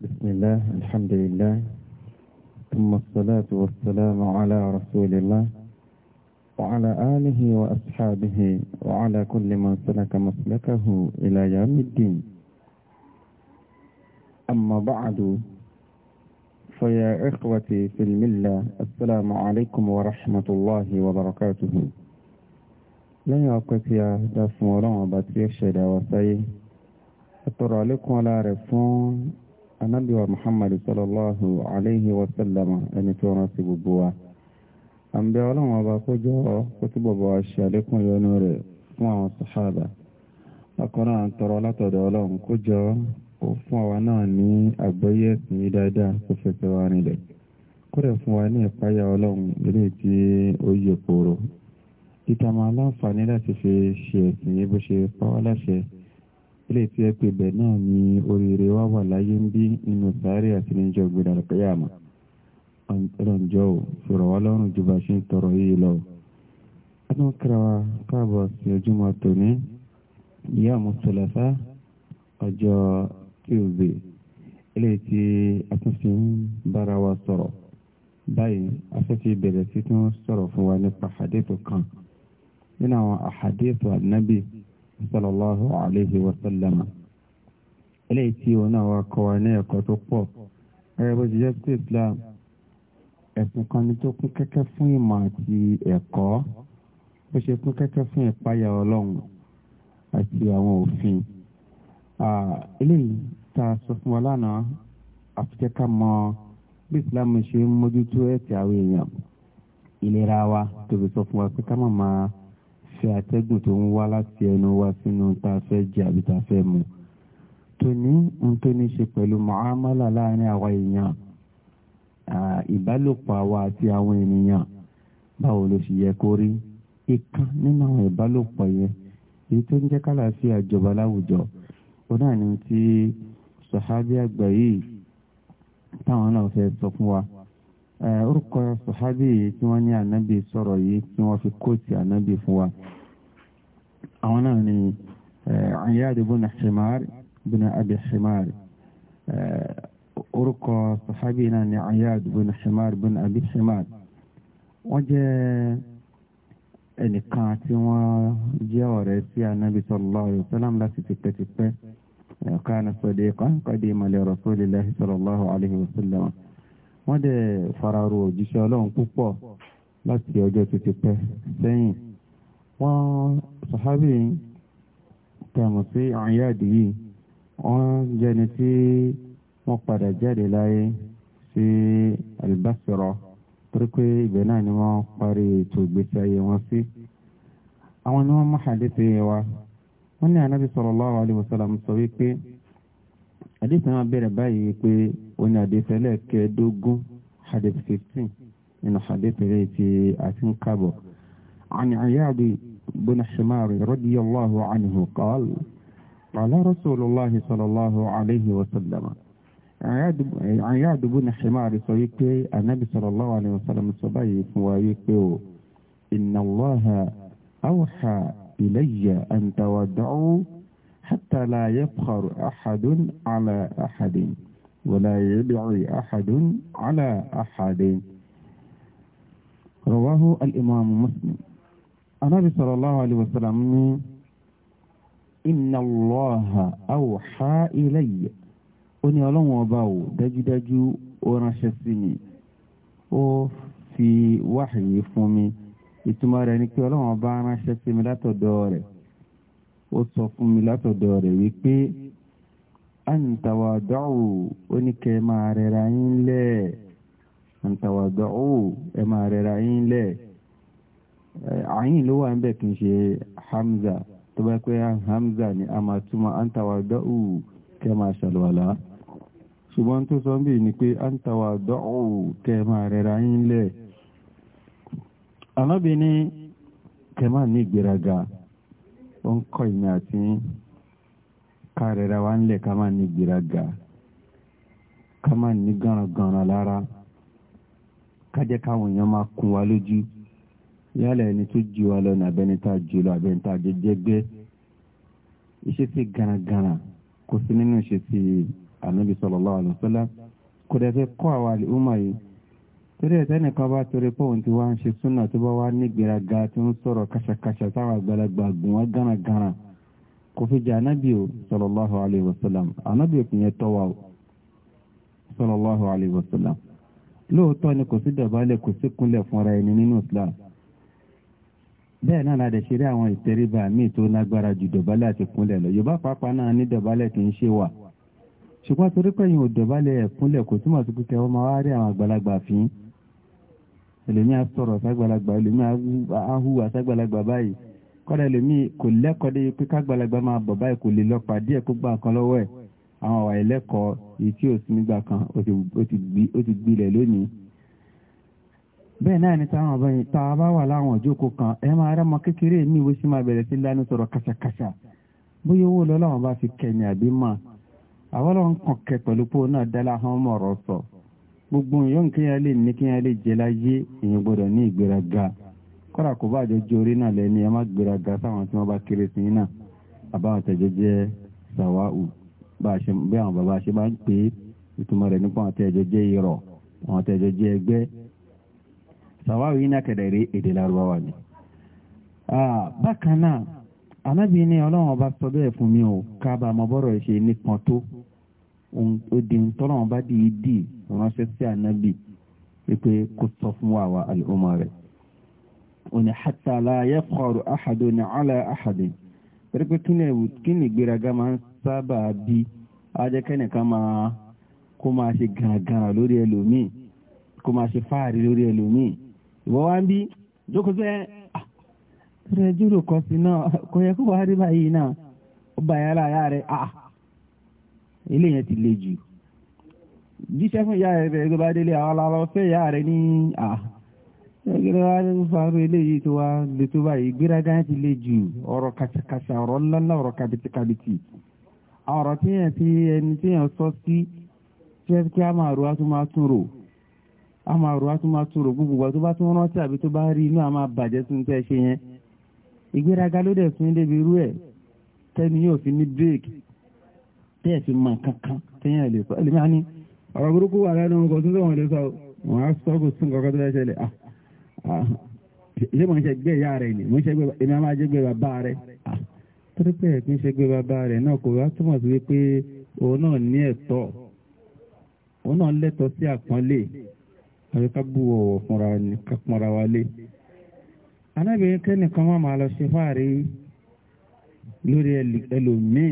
بسم الله الحمد لله ثم الصلاة والسلام على رسول الله وعلى آله وأصحابه وعلى كل من سلك مسلكه إلى يوم الدين أما بعد فيا إخوتي في الملة السلام عليكم ورحمة الله وبركاته لا يوقف يا دفن dá fún ọlọ́run أترى لكم ó ṣẹ̀dá anábì wa muhammad sallallahu alayhi wa sallam ẹni tó rán sí gbogbo wa àǹbẹ̀ ọlọ́run ọba kó jọ ọ́ kó túbọ̀ bọ̀ ṣe àlékún ìyọnu rẹ̀ fún àwọn sàhábà akọ́nà à ń tọrọ látọ̀dọ̀ ọlọ́run kó jọ kó fún àwa náà ní àgbọ́yé ẹ̀sìn yìí dáadáa kó fẹsẹ̀ wá nílẹ̀ kó rẹ̀ fún wa ní ìpáyà ọlọ́run eré tí ó yẹ kóró ìtàmà aláǹfààní láti fi ṣe ẹ̀sìn yìí bó ṣe pa wá láṣẹ ilé tí ẹ pè bẹ̀ náà ni oríire wá wà láyé ń bí nínú sáré àti níjọ́ gbéra kíyàmá ọ̀njọ́ ò fèrò wá lọ́rùn ju bá ṣe ń tọrọ yìí lọ. adúmọ̀ kíra wa káàbọ̀ sí ojúmọ́ tòní ìyá àmúṣọlẹ́fà ọjọ́ tuesday ilé tí a ń bára wa sọ̀rọ̀ báyìí a bẹ̀rẹ̀ sí tún sọ̀rọ̀ fún wa nípa àhàdétò kan nínú àwọn àhàdétò ànábì sallallahu alayhi wa sallam eléyìí tí òun náà wá kọ́ wa ní ẹ̀kọ́ tó pọ̀ ẹ̀rẹ́ bó ti jẹ́ pé Islam ẹ̀sùn kan ni tó kún kẹ́kẹ́ fún ìmọ̀ àti ẹ̀kọ́ bó ṣe kún kẹ́kẹ́ fún ìpáyà ọlọ́run àti àwọn òfin eléyìí tá a sọ fún wa lánàá àfikẹ́ mọ bí Islam ṣe ń mójútó ẹ̀sìn àwọn èèyàn ìlera wa tó fi sọ fún wa pé ká má máa fẹ́ atẹ́gùn tó ń wá láti ẹnu wa sínú tá a fẹ́ jẹ àbí tá a fẹ́ mu tòní ń tó ní ṣe pẹ̀lú mọ̀ámálà láàrin àwa èèyàn ìbálòpọ̀ àwa àti àwọn ènìyàn báwo ló ṣe yẹ kó rí ìkan nínú àwọn ìbálòpọ̀ yẹn èyí tó ń jẹ́ kálàáfíà jọba láwùjọ ó náà ní ti sàhábí àgbà yìí táwọn náà fẹ́ sọ fún wa. Eh, orúkọ sọ̀hábì yìí tí wọ́n ní ànábì sọ̀rọ̀ yìí tí wọ́n fi kóòtì ànábì fún wa àwọn náà ni eh, Iyad ibn Himar ibn Abi Himar eh, orúkọ sọ̀hábì náà ni Iyad ibn Himar ibn Abi Himar wọ́n jẹ́ ẹnìkan tí wọ́n jẹ́ ọ̀rẹ́ sí ànábì sallallahu alaihi wasallam láti tipẹ́tipẹ́ kana sadiqan qadima li rasulillahi sallallahu alaihi wasallam wọ́n dẹ̀ fararo òjíṣẹ́ ọlọ́run púpọ̀ láti ọjọ́ tó ti pẹ́ sẹ́yìn wọ́n sàhábì tẹ̀mọ̀ sí àyàdì yìí wọ́n jẹni tí wọ́n padà jáde láyé sí albasirọ torí pé ibẹ̀ náà ni wọ́n parí ètò ìgbésí ayé wọn sí àwọn ni wọ́n mú hadithi wa wọ́n ní ànábì sallallahu alaihi wasallam sọ wípé hadith náà bẹ̀rẹ̀ báyìí pé ó ní hadith ẹlẹ́ẹ̀kẹ́ẹ́dógún hadith fifteen nínú hadith rẹ̀ ti àti ń kábọ̀. عن عياض بن حمار رضي الله عنه قال قال رسول الله صلى الله عليه وسلم àyáàdù bú ní ṣemáàrí sọ wípé anábì sallallahu alaihi wasallam sọ báyìí fún wa wípé o inna Allaha awha ilayya an tawaddu حتى لا يفخر أحد على أحد ولا يبعي أحد على أحد رواه الإمام مسلم النبي صلى الله عليه وسلم إن الله أوحى إلي ó ní ọlọ́run ọba ò dájúdájú ó ránṣẹ́ sí mi ó fi wáhìí fún mi ìtumọ̀ rẹ̀ ni pé ọlọ́run ọba ránṣẹ́ sí mi látọ̀dọ̀ rẹ̀ ó sọ fún mi látọ̀dọ̀ rẹ̀ wípé àǹtàwàdọ́wò ó máa rẹra yín lẹ̀ àǹtàwàdọ́wò ẹ máa rẹra yín lẹ̀ àyìn ló wà ń bẹ̀ hamza tó bá pẹ́ hamza ni a máa túmọ̀ àǹtàwàdọ́wò kẹ́ máa ṣàlùwàlá ṣùgbọ́n tó sọ bí ni pé àǹtàwàdọ́wò kẹ́ máa rẹra yín lẹ̀ anábìíní kẹ́ máa ní ìgbéraga. ó ń kọ́ ìmí àti kárẹ̀ra wa ń lẹ̀ ká máa ní gbéraga ká máa ní gànràngànrà lára ká jẹ́ káwọn èèyàn máa kún wa lójú yálà ẹni tó ju wa lọ ní abẹ́ni tá a ju lọ abẹ́ni tá a jẹ jẹ́gbẹ́ ìṣesí gànràngànrà kò sí nínú ìṣesí ànábi sallallahu alaihi kò dẹ̀ fẹ́ kọ́ àwa àlè yìí torí ẹ̀ tẹ́nìkan bá torí pọ́ùn tí wá ń ṣe súnà tó bá wá nígbéraga tí ń sọ̀rọ̀ kàṣàkàṣà táwọn àgbàlagbà gùn wá gánagánra kò fi jẹ́ anábì o sallallahu alayhi wa sallam anábì o kìí tọ́ wa o sallallahu alayhi lóòótọ́ ni kò sí dọ̀bálẹ̀ kò sí kúnlẹ̀ fúnra ẹni nínú islam bẹ́ẹ̀ náà láti ṣeré àwọn ìtẹríba míì tó lágbára ju dọ̀bálẹ̀ àti kúnlẹ̀ lọ yorùbá pàápàá náà ní dọ̀bálẹ̀ kì í ṣe wà ṣùgbọ́n torí pé ò dọ̀bálẹ̀ kúnlẹ̀ kò túmọ̀ sí kíkẹ́ ọmọ wa rí àwọn àgbàlagbà fín ẹlòmí asọ̀rọ̀ sagbalagba ẹlòmí ahuwa sagbalagba báyìí kọ́dà ẹlòmí kò lẹ́kọ̀ọ́ de pé kágbalagba máa bọ̀ báyìí kò lè lọ pàdé ẹ̀ kó gbà kan lọ́wọ́ ẹ̀ àwọn ọ̀wà ẹlẹ́kọ̀ọ́ èyí tí ò sí nígbà kan ó ti gbilẹ̀ lónìí. bẹ́ẹ̀ náà ni táwọn ọ̀bẹ yìí tá a bá wà láwọn òjókòó kan ẹ máa rẹ́ ọmọ kékeré mi wo sí máa bẹ̀rẹ̀ sí lánàá sọ̀rọ̀ kàṣàkàṣà bóyá owó lọ́lọ́wọ́n bá fi kẹ́ni àbí mọ́ àwọn ọlọ́run kàn kẹ́ pẹ̀lú pé náà dá láhàn mọ̀rọ̀ sọ̀rọ̀ gbogbo yóò kí yẹn lè ní kí yẹn lè jẹ láyé èèyàn gbọ́dọ̀ ní ìgbéraga kódà kó bá jọjọ orí náà lẹni ẹ má gbéraga sáwọn tí wọn bá kéré sí yín náà àbáwọn tẹjọ jẹ sàwáù bí àwọn bàbá ṣe máa ń pè é ìtumọ̀ rẹ̀ nípa àwọn tẹjọ jẹ àwọn tẹjọ jẹ ẹgbẹ́ sàwáù yín náà kẹ̀dẹ̀ rí èdè lárúbáwá ni. bákan náà anábìíní ọlọ́run ọba sọ bẹ́ẹ̀ fún mi ò ká bá ọmọ bọ́rọ̀ ṣe odi tọ́lọ́ wọn bá di ìdí ránṣẹ́ sí ànábì wípé kó sọ fún wa wa àlùmọ́ rẹ̀. òní hatta la yafkhuru ahadun ala ahadin pẹ̀lú kí ni ìgbéraga máa ń sábà bí ajẹ́kẹ́nìkan máa kó máa ṣe gàngàrà lórí ẹlòmíì kó máa ṣe fáàrí lórí ẹlòmíì ìwọ wá ń bí jókòó sẹ́ ah, rẹ̀ jùlọ kọ́ sí náà kò yẹ kó wá rí báyìí náà ó bàyá láyà rẹ̀ ah eléyẹn ti le jù jíṣẹ́ fún ìyá rẹ̀ bẹ̀rẹ̀ tó bá délé àwọn aláwọ̀ fẹ́ ìyá rẹ̀ ní à ẹgbẹ̀rẹ̀ wá ní fàárù eléyìí tó wá lè tó báyìí gbéraga ti le jù ọ̀rọ̀ kàṣàkàṣà ọ̀rọ̀ ńláńlá ọ̀rọ̀ kàbìtìkàbìtì ọ̀rọ̀ tí yẹn ti ẹni tí yẹn sọ sí tí yẹn kí a máa ro atún máa tún tẹ́yẹ̀ fi mọ̀ kankan tẹ́yẹ̀ lè sọ ẹlẹ́mìí á ní ọ̀rọ̀ burúkú wà lẹ́nu nǹkan tó sọ̀rọ̀ lè sọ wọ́n á sọ kò sí nǹkan tó lè ṣẹlẹ̀ ah, ah, ṣé mo ń ṣe gbé ìyá rẹ̀ ni mo ń ṣe gbé èmi á máa jẹ́ gbé bàbá rẹ̀ ah, torí pé ẹ̀kí ń ṣe gbé bàbá rẹ̀ náà kò wá túmọ̀ sí wípé òun náà ní ẹ̀tọ́ òun náà lẹ́tọ̀ọ́ sí àpọ́nlé àbí ká bú ọ̀wọ̀ fúnra ni ká pọnra wa anábìrin kẹ́nìkan má máa lọ ṣe fáàrí lórí ẹlòmíì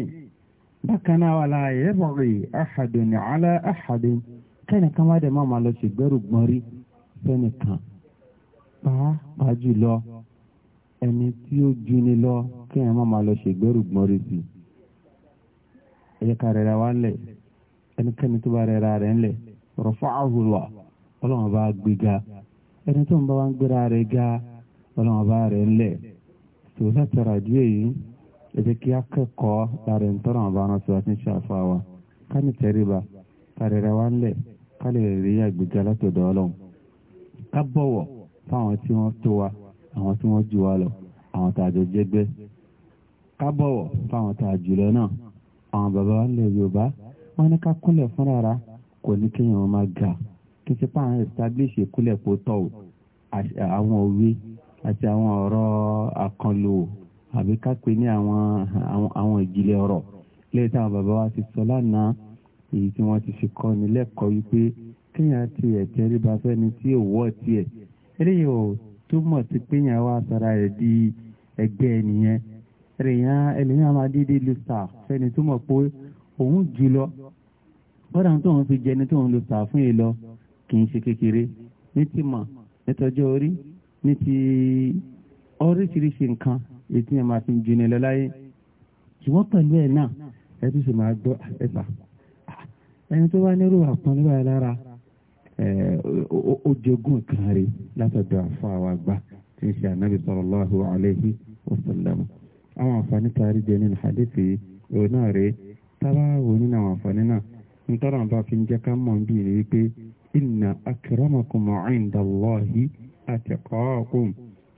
bákan náà wàlá yẹ́bọ̀rì àhàdùn ní alá àhàdùn kẹ́nìkan má dẹ̀ máa lọ ṣègbẹ́rù gbọ́n rí fẹ́nìkan pàápàá jùlọ ẹni tí ó juni lọ kẹ́yìn má máa lọ ṣègbẹ́rù gbọ́n rí sí i ẹ̀yẹ ká rẹ̀ra wá lẹ̀ ẹnikẹ́ni tó bá rẹ̀ra rẹ̀ ńlẹ̀ rafa'ahu Allah ọlọ́run bá gbé ga ẹni tó ń bá wá ń gbéra rẹ̀ ga ọlọ́run bá rẹ̀ ńlẹ̀ tòun látara àdúyẹ̀ yìí ẹ̀jẹ̀ kí a kẹ́kọ̀ọ́ lára ìtọ́nà àbára sí wa ti ń ṣàfà wa ká ní tẹríba ká lè ra wa ńlẹ̀ ká lè rí àgbéga látọ̀dọ̀ ọlọ́run ká bọ̀wọ̀ fáwọn tí wọ́n tó wa àwọn tí wọ́n jù wa lọ àwọn tá a jọ jẹ́gbẹ́ ká bọ̀wọ̀ fáwọn tá a jù lọ náà àwọn bàbá wa ńlẹ̀ Yorùbá wọ́n ní ká kúnlẹ̀ fún rárá kò ní kéèyàn máa ga kí ṣe pa àwọn establish ìkúlẹ̀ kó tọ̀ àwọn òwe àti àwọn ọ̀rọ̀ àkànlò àbí ká pè ní àwọn àwọn ìjìnlẹ̀ ọ̀rọ̀ lẹ́yìn táwọn bàbá wa ti sọ lánàá èyí tí wọ́n ti fi kọ́ ni lẹ́kọ̀ọ́ wípé kéèyàn ti ẹ̀tẹ́ ríba fẹ́ni tí òwò tiẹ̀ eléyìí ò túmọ̀ sí péyàn wá sara rẹ̀ di ẹgbẹ́ ẹnìyẹn èèyàn ẹlẹ́yìn máa dédé lu sà fẹ́ni tó mọ̀ pé òun jù lọ bọ́dà tó ń fi jẹni tó ń lu sà fún yìí lọ kì í ṣe kékeré ní ti mọ̀ nítọ́jọ́ orí ní ti oríṣiríṣi nǹkan èyí tí yẹn máa fi ń jẹni lọ láyé ṣùgbọ́n pẹ̀lú ẹ̀ náà ẹ tún sì máa gbọ́ ẹ̀fà ẹni tó bá nírú àpọn nígbà yẹn lára ó jogún kan rí látọ̀dọ̀ àfọ àwọn àgbà tí ń ṣe ànábì sallallahu alayhi wa sallam àwọn àǹfààní taari jẹ nínú hadithi òun náà rèé tábà wò nínú àwọn àǹfààní náà ń tọ́ra bá fi ń jẹ́ ká mọ̀ bí ni wípé inna akramakum inda Allahi atqakum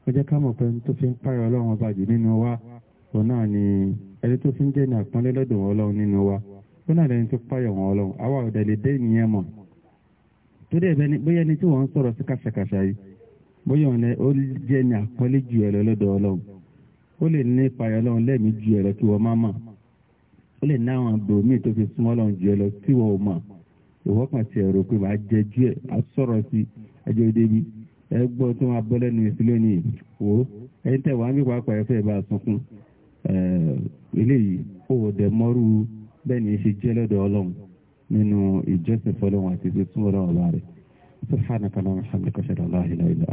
ẹ ká mọ̀ pé tó fi ń pààyà ọlọ́run ọba jù nínú wa òun náà ni ẹni tó fi ń jẹ́ àpọ́nlé lọ́dọ̀ wọn ọlọ́run nínú wa ó náà lẹni tó pààyà wọn ọlọ́run àwa ọ̀dẹ̀ lè dé ìnìyẹn mọ̀ tó dẹ̀ bẹ́ni bóyá ẹni tí wọ́n ń sọ̀rọ̀ sí kàṣàkàṣà yìí bóyá ọ̀nà ó jẹ́ ní àpọ́nlé jù ẹ lọ́dọ̀ ọlọ́run ó lè ní ìpààyà ọlọ́run lẹ́mìí ẹgbọ́ tó máa bọ́ lẹ́nu èsì lónìí wò ó ẹ̀yin tẹ̀ ẹ̀fẹ́ bá sunkún eléyìí ó dẹ̀ mọ́rú bẹ́ẹ̀ ni ṣe jẹ́ lọ́dọ̀ ọlọ́run nínú ìjọsìn fọlọ́run àti ala ọlọ́run rẹ̀ lọ́lá ìlà ìlà